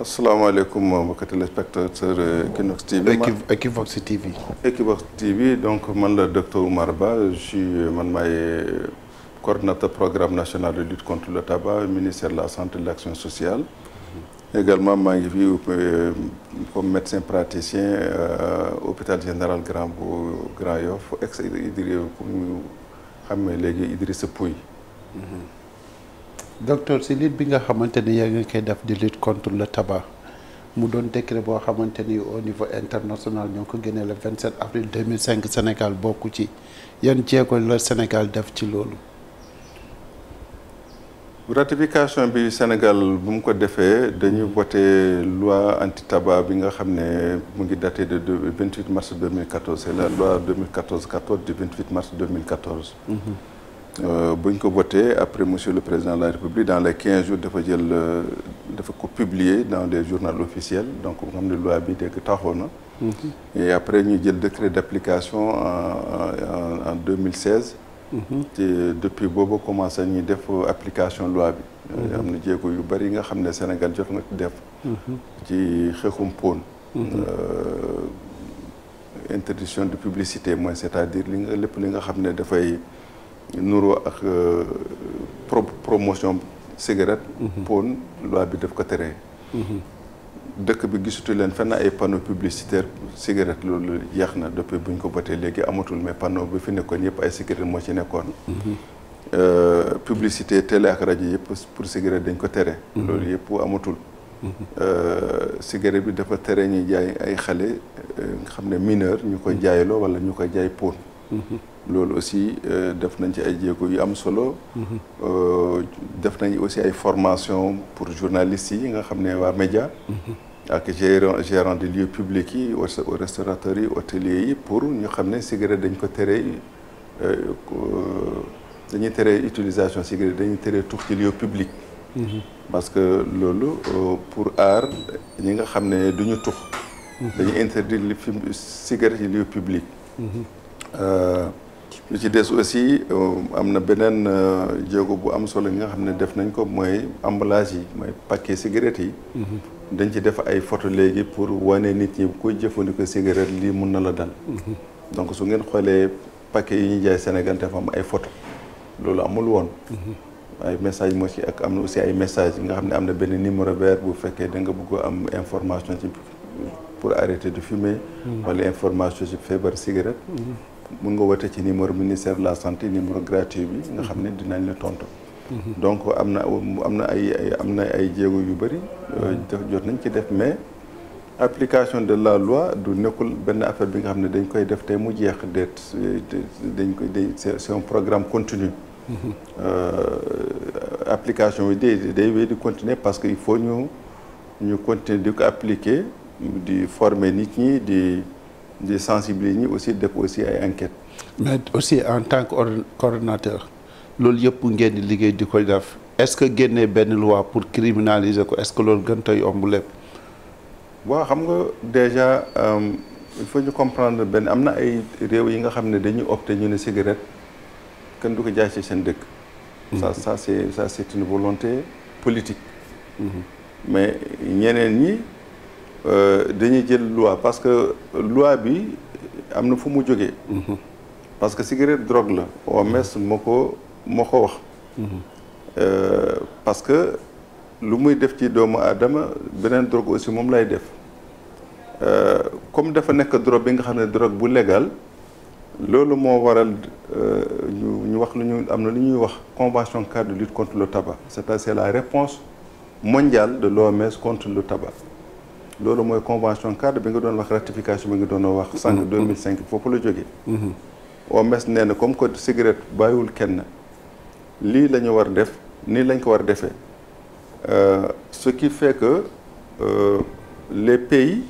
asalaamaaleykum mbokki téléspectateur euh, Equivox TV. Equivox TV. Equivox TV donc man la docteur Oumar Ba je euh, man may euh, coordonnateur programme national de lutte contre le tabac ministère de la santé de l'action sociale. Mhm. également maa ngi fi comme médecin praticien euh, hôpital général Grand bu Grand Yoff ex Idriss comme léegi Idrissa docteur si lutte bi nga xamante ni yaa ngi koy def di lutte contre le tabac mu doon décret boo xamante ni au niveau international ñoo ngi ko génnee le 27 avril 2005 Sénégal bokku ci yan jéego la Sénégal def ci loolu. ratification bi Sénégal bu mu ko defee dañu voté loi anti tabac bi nga xam ne mu ngi daté de 28 mars 2014 c'est la loi 2014 14 du 28 mars 2014. Mm Euh, bu ñu ko voté après monsieur le président de la république dans les quinze jours dafa jël euh, dafa ko publier dans des journaux officiels donc nga xam ne loi bi na. Mhm. et après jël décret d' application deux mille seize. Mhm. te depuis boobu commencé ñuy def application loi bi. Mhm. am na yu bari yi nga xam ne Sénégal jot na def. ci xeexum pon. Euh, interdiction de publicité mooy c' est à dire li nga lépp li nga xam ne dafay. nuroo ak euh, pro promotion cigarette. Mhm. pon loi bi daf ko tere. Mhm. dëkk bi gisutu leen fenn ay panneau publicitaire cigarette loolu yàq na depuis bu ñu ko botee léegi amatul mais panneau bi fi nekkoon yëpp ay cigarette moo ci nekkoon. Mhm. Euh, publicité télé ak rajo yëpp pour cigarette dañ ko tere. loolu yëpp amatul. Euh, cigarette bi dafa tere ñuy jaay ay xale nga xam ne mineur ñu koy jaayloo wala ñu koy jaay pon. loolu aussi euh, def nañ ci ay jéego yu am solo. Mm-hmm. Euh, def nañ aussi ay formation pour journalistes yi nga xam ne waa média. Mm-hmm. ak gérant gérant de lieux yi au restaurateurs yi hôteliers yi pour ñu xam ne cigarette dañ ko tere euh, dañuy tere utilisation cigarette dañuy teree tux ci lieu public. Mm-hmm. parce que loolu pour aar ñi nga xam ne duñu tux. dañuy interdire li fi cigarette ci lieu public. lu ci des aussi euh, am na beneen euh, jéego bu am solo nga xam ne def nañ ko mooy emballage yi mooy paquet cigarette yi. Mhm. dañ ci def ay photo léegi pour wane nit ñi kuy jëfandikoo cigarette lii mun na la dal. Mhm. donc su ngeen xoolee paquet yi ñuy jaay Sénégal dafa am ay photo loolu amul woon. Mhm. ay message moo ci ak am na aussi ay message nga xam ne am na benn numéro vert bu fekkee da nga bëgg am information ci pour arrêter de fume wala information ci feebar cigarette. mun nga woote ci numéro ministère de la santé numéro gratuit bi nga xam ne dinañ la tontu. Mhm. donc am na am na ay ay am na ay jéego yu bëri. Euh, mhm. jot nañ ci def mais application de la loi du nekkul benn affaire bi nga xam ne dañ koy def tey mu jeex déet dañ koy c'est un programme continue mhm. euh, application bi de day wéy di continuer parce que il faut ñu ñu continuer di ko appliquer di former nit ñi di. di yi ñi aussi def aussi ay enquêtes. mais aussi en tant que coordonnateur loolu yëpp ngeen di liggéey di koy def est-ce que génnee benn loi pour criminaliser ko est-ce que loolu gën tey yomb lépp. waaw xam nga déjà euh, il faut ñu comprendre benn am na ay réew yi nga xam ne dañuy opté ñu ne cigarette kenn du ko jaay ci seen dëkk. ça sa mhm. c'est ça c'est une volonté politique. Mhm. mais ñeneen ñi. Euh, dañuy jël loi parce que loi bi am na fu mu jógee. Mhm. parce que cigarette drogue la. OMS moo ko moo ko wax. Mhm. Euh, parce que lu muy def ci doomu aadama beneen drogue aussi moom lay def euh, comme dafa nekk drogue bi nga xam ne drogue bu legal loolu moo waral ñu ñu wax lu ñu am na lu ñuy wax convention cadre de lutte contre le tabac c'est-à-dire c'est la réponse mondiale de l'OMS contre le tabac. loolu mooy convention cadre bi nga doon wax ratification bi nga doon wax sànq 2005 mm-hmm. foofu la jógee mm-hmm. OMS nee na comme que cigarette bàyyiwul kenn lii la ñu war def nii lañ ko war defee euh, ce qui fait que euh, les pays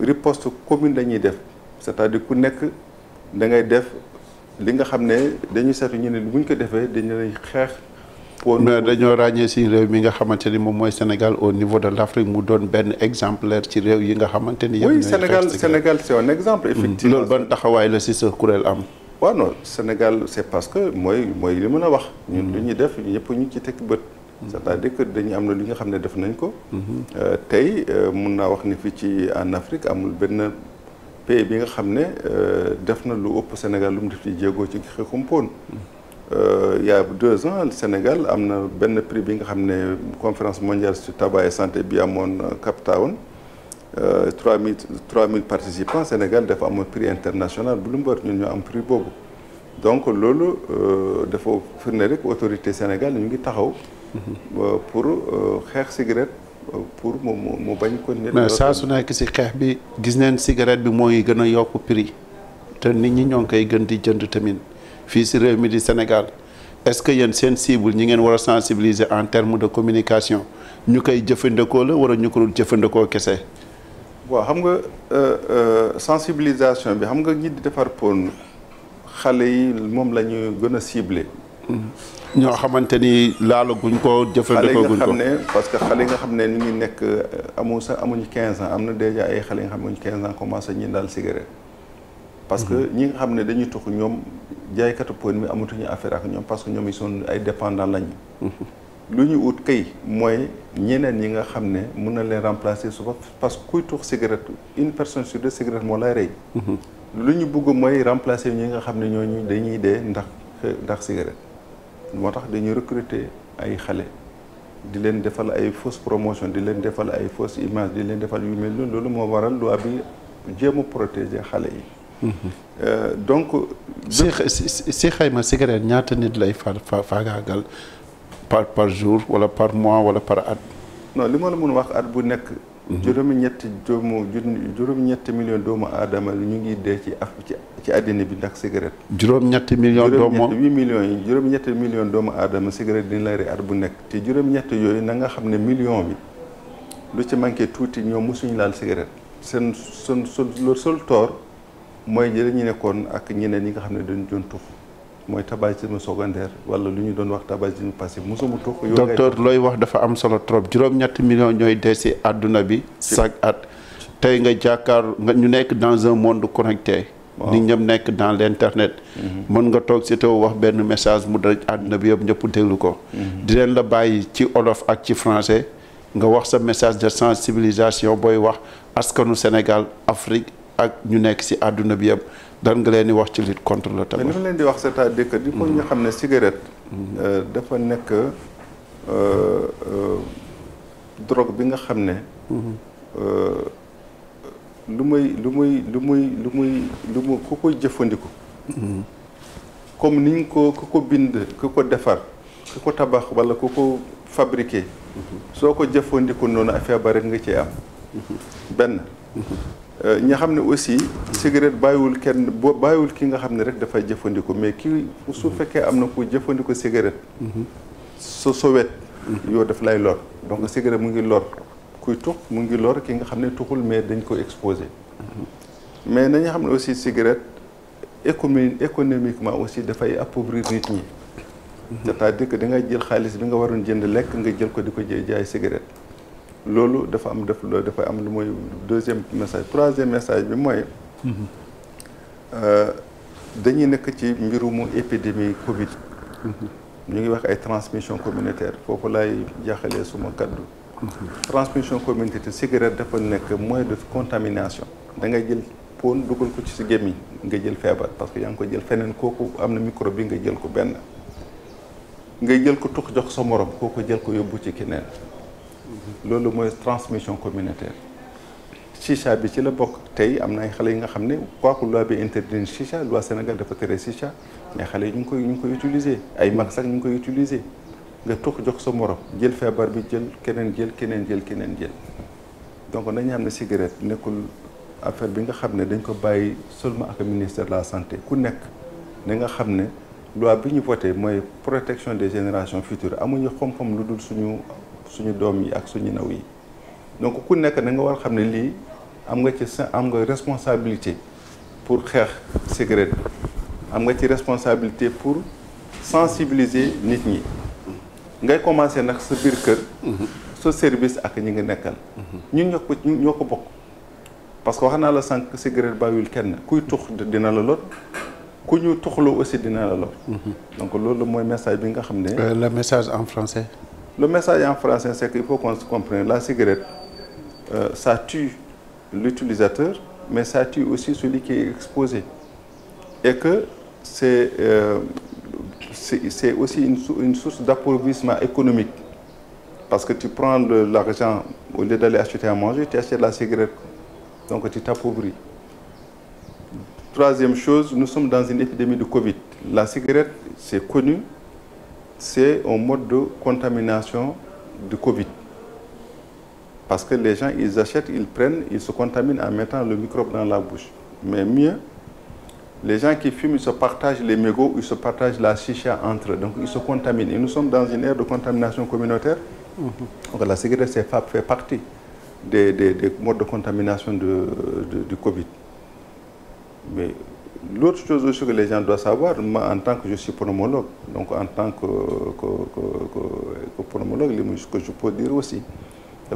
riposte commune lañuy def c'est-à-dire ku nekk da ngay def li nga xam ne dañuy seetu ñu ne buñ ko defee dañu lay xeex dañoo ràññee si réew mi nga xamante ni moom mooy Sénégal au niveau de l'Afrique mu doon benn exemplaire ci réew yi nga xamante ni. oui Sénégal Sénégal c'est un exemple. Hmm. effectivement loolu ban taxawaay la si sa kuréel am. waaw non Sénégal c'est parce que mooy mooy li mën a wax. ñun hmm. lu ñuy def ñëpp ñu ci teg bët. Hmm. c'est-à-dire que dañu am na li nga xam ne def nañ ko. Euh, tey euh, mun naa wax ni fii ci en Afrique amul benn pays bi nga xam ne euh, def na lu ëpp Sénégal lu mu def ci jéego ci xeexum poon. Euh, il y a deux ans le Sénégal am na benn prix bi nga xam ne conférence mondiale su tabac et santé bi amoon euh, Cape Town euh, trois mille trois mille participants Sénégal dafa amoon prix international Bloomberg ñun ñu am prix boobu donc loolu dafa firnde rek autorité Sénégal ñu ngi taxaw mhm. pour xeex cigarette pour mu mu bañ ko nit saa su nekk si xeex bi gis neen cigarette bi moo ngi gën a yokk prix te nit ñi ñoo ngi koy gën di jënd tamit fii si réew mi di Sénégal est-ce que yéen seen cible ñi ngeen war a sensibiliser en terme de communication ñu koy jëfandikoo la war a ñu ko jëfandikoo kese. waaw xam nga euh, euh, sensibilisation bi xam nga ñi di defar pon xale yi moom la ñu gën a ciblé. ñoo xamante ni laalaguñ koo jëfandikoo guñ ko nga xam ne parce que xale nga xam ne ñu ngi nekk euh, amu sax amuñu 15 ans am na déjà ay xale nga xam ne amuñu 15 ans commencé ñi daal cigarette. parce que mhm. ñi nga xam ne dañuy jaaykatu poone mi amatuñu affaire ak ñoom parce que ñoom ils sont ay dépendant lañu. lu ñu ut kay mooy ñeneen ñi nga xam ne mun na leen remplacer suba parce que kuy tuux cigarette une personne sur deux cigarette moo lay rey. lu ñu bugg mooy remplacer ñi nga xam ne ñooñu dañuy dee ndax ndax cigarette. moo tax dañuy recruter ay xale di leen defal ay fausse promotion di leen defal ay fausse image di leen defal yu mel noonu loolu moo waral loi bi jéem a protéger xale yi. Euh, donc. si si xayma cigarette ñaata nit lay fa faagaagal par par jour wala par mois wala par at. no li ma la mun wax at bu nekk. Mhm. juróomi ñetti doomu juróomi ñetti million doomu aadama ñu ngi dee ci af ci ci àddina bi ndax cigarette. juróom ñetti million doomu juróom ñetti millions yi juróom million doomu aadama cigarette dina la rey at bu nekk te juróom ñetti yooyu na nga xam ne million bi lu ci manqué tuuti ñoo mosuñu laal cigarette seen seen sol sol toor. mooy jële ñu nekkoon ak ñeneen ñi nga xam ne dañu doon tux mooy tabagisme secondaire wala lu ñu doon wax tabagisme passif mosuma tux docteur looy wax dafa am solo trop juróom-ñetti million ñooy dee si àdduna bi chaque at tey nga jàkkaar nga ñu nekk dans un monde connecté nit ñëpp nekk dans l' internet mhm. mën nga toog si taw wax benn message mu daj àdduna bi yëpp ñëpp déglu ko mhm. di leen la bàyyi ci olof ak ci français nga wax sa message de sensibilisation booy wax askanu Sénégal Afrique ak ñu nekk si àdduna bi yëpp dan nga leen di wax ci li contre le tabac. mais leen di wax c'est-à-dire que il faut ñu xam ne cigarette. Mm-hmm. Euh, dafa nekk euh, euh, drogue bi nga xam ne. Mm-hmm. lu muy lu muy lu muy lu muy lu mu ku koy jëfandiku. Mm-hmm. comme niñ ko ku ko bind ku ko defar ku ko tabax wala ku ko fabriqué. soo ko jëfandiku noonu ay ba rek nga ci am. benn. Euh, ña xam ne aussi cigarette bàyyiwul kenn boo bàyyiwul ki nga xam ne rek dafay jëfandikoo mais ki su fekkee am na ku jëfandikoo cigarette mhm. soo sowet yow daf lay lor donc cigarette mu ngi lor kuy tux mu ngi lor ki nga xam ne tuxul mais dañ ko exposé mhm. mais na nañu xam ne aussi cigarette économie économiquement aussi dafay appauvrir nit ñi mhm. c'est-à-dire que jël xaalis bi nga waroon jënd lekk nga jël ko di ko jaay cigarette loolu dafa am def dafay am lu mooy deuxième message troisième message bi mooy mhm. euh, dañuy nekk ci mbirumu épidémie Covid mhm. ñu ngi wax ay transmission communautaire foofu laay jaaxalee suma kaddu mhm. transmission communautaire cigarette dafa nekk moyen de contamination da ngay jël poon dugal ko ci si gémmiñ nga jël feebar parce que yaa ngi ko jël feneen kooku am na micro bi nga jël ko benn nga jël ko tux jox sa morom kooku jël ko yóbbu ci keneen loolu mooy transmission communautaire chicha bi ci la bokk tey am na ay xale yi nga xam ne quoique loi bi interdit chicha loi Sénégal dafa tere chicha mais xale yi ñu ngi koy ñu ngi koy ay mag sax ñu ngi koy utiliser nga tux jox sa morom jël feebar bi jël keneen jël keneen jël keneen jël donc nañu xam ne cigarette nekkul affaire bi nga xam ne dañ ko bàyyi seulement ak ministère la santé ku nekk na nga xam ne loi bi ñu voté mooy protection de générations futures amuñu xam lu dul suñu suñu doom yi ak suñu naw yi donc ku nekk da nga war xam ne lii am nga ci sa am nga responsabilité pour xeex cigarette am nga ci responsabilité pour sensibiliser nit ñi ngay commencer nag sa biir kër sa service ak ñi nga nekkal ñun ñoo ko ñoo ko bokk parce que wax naa la sànq cigarette bàyyiwul kenn kuy tux dina la lot ku ñu tuxloo aussi dina la lor. Mhm. donc loolu mooy message bi nga xam ne. Euh, le message en français. Le message en français, c'est qu'il faut qu'on se comprenne. La cigarette, euh, ça tue l'utilisateur, mais ça tue aussi celui qui est exposé. Et que c'est euh, c'est aussi une, sou une source d'approvisionnement économique. Parce que tu prends l'argent, au lieu d'aller acheter à manger, tu achètes la cigarette. Donc tu t'appauvris. Troisième chose, nous sommes dans une épidémie de Covid. La cigarette, c'est connu, c'est un mode de contamination du Covid. Parce que les gens, ils achètent, ils prennent, ils se contaminent en mettant le microbe dans la bouche. Mais mieux, les gens qui fument, ils se partagent les mégots, ils se partagent la chicha entre Donc, ils se contaminent. Et nous sommes dans une ère de contamination communautaire. Mhm. Donc, la cigarette fait partie des, des, des, modes de contamination de, de, du Covid. L'autre chose que les gens doivent savoir, en tant que je suis pneumologue, donc en tant que, que, que, que pneumologue, ce que je dire aussi,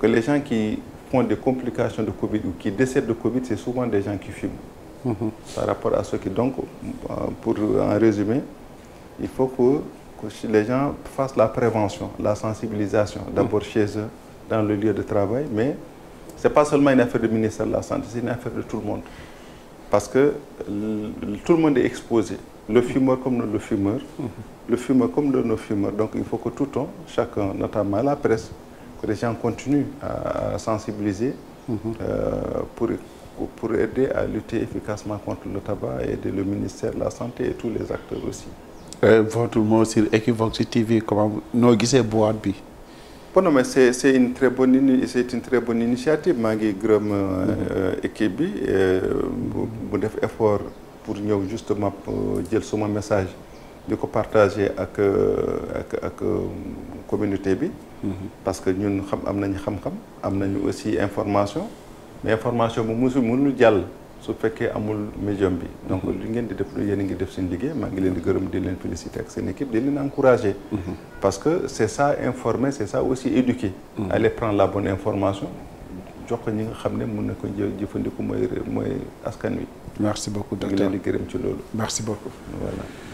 que les gens qui font des complications de Covid ou qui décèdent de Covid, c'est souvent des gens qui fument. Mhm. Par rapport à ce qui, donc, euh, pour en résumer, il faut que, que les gens fassent la prévention, la sensibilisation, d'abord mmh. chez eux, dans le lieu de travail, mais ce n'est pas seulement une affaire du ministère de la Santé, c'est une parce que tout le monde est exposé. Le fumeur comme le, le fumeur, mmh. le fumeur comme le non-fumeur. Donc il faut que tout le temps, chacun, notamment la presse, que les gens continuent à sensibiliser mm pour, aider à lutter efficacement contre le tabac et le ministère de la Santé et tous les acteurs aussi. Euh, votre mot sur Equivox TV, comment noo gisee boîte bi. bon non mais c'est c'est une très bonne ini c'est une très initiative maa ngi gërëm euh, mm-hmm. équipe bi bu euh, def effort pour ñëw justement jël suma message di ko partager ak euh, ak ak communauté bi. Mm-hmm. parce que ñun xam am nañu xam-xam am nañu aussi information mais information bu musul nu jàll. su fekkee amul médium bi donc mhm. li ngeen di def yéen a ngi def seen liggéey maa ngi leen di gërëm di leen féliciter ak seen équipe di leen encourager mhm. parce que c'est ça informer c'est ça aussi éduquer mhm. aller prendre la bon information jox ko ñi nga xam ne mën na ko jëfandiku mooy mooy askan wi merci beaucoup docteur leen di gërëm ci loolu merci beaucoup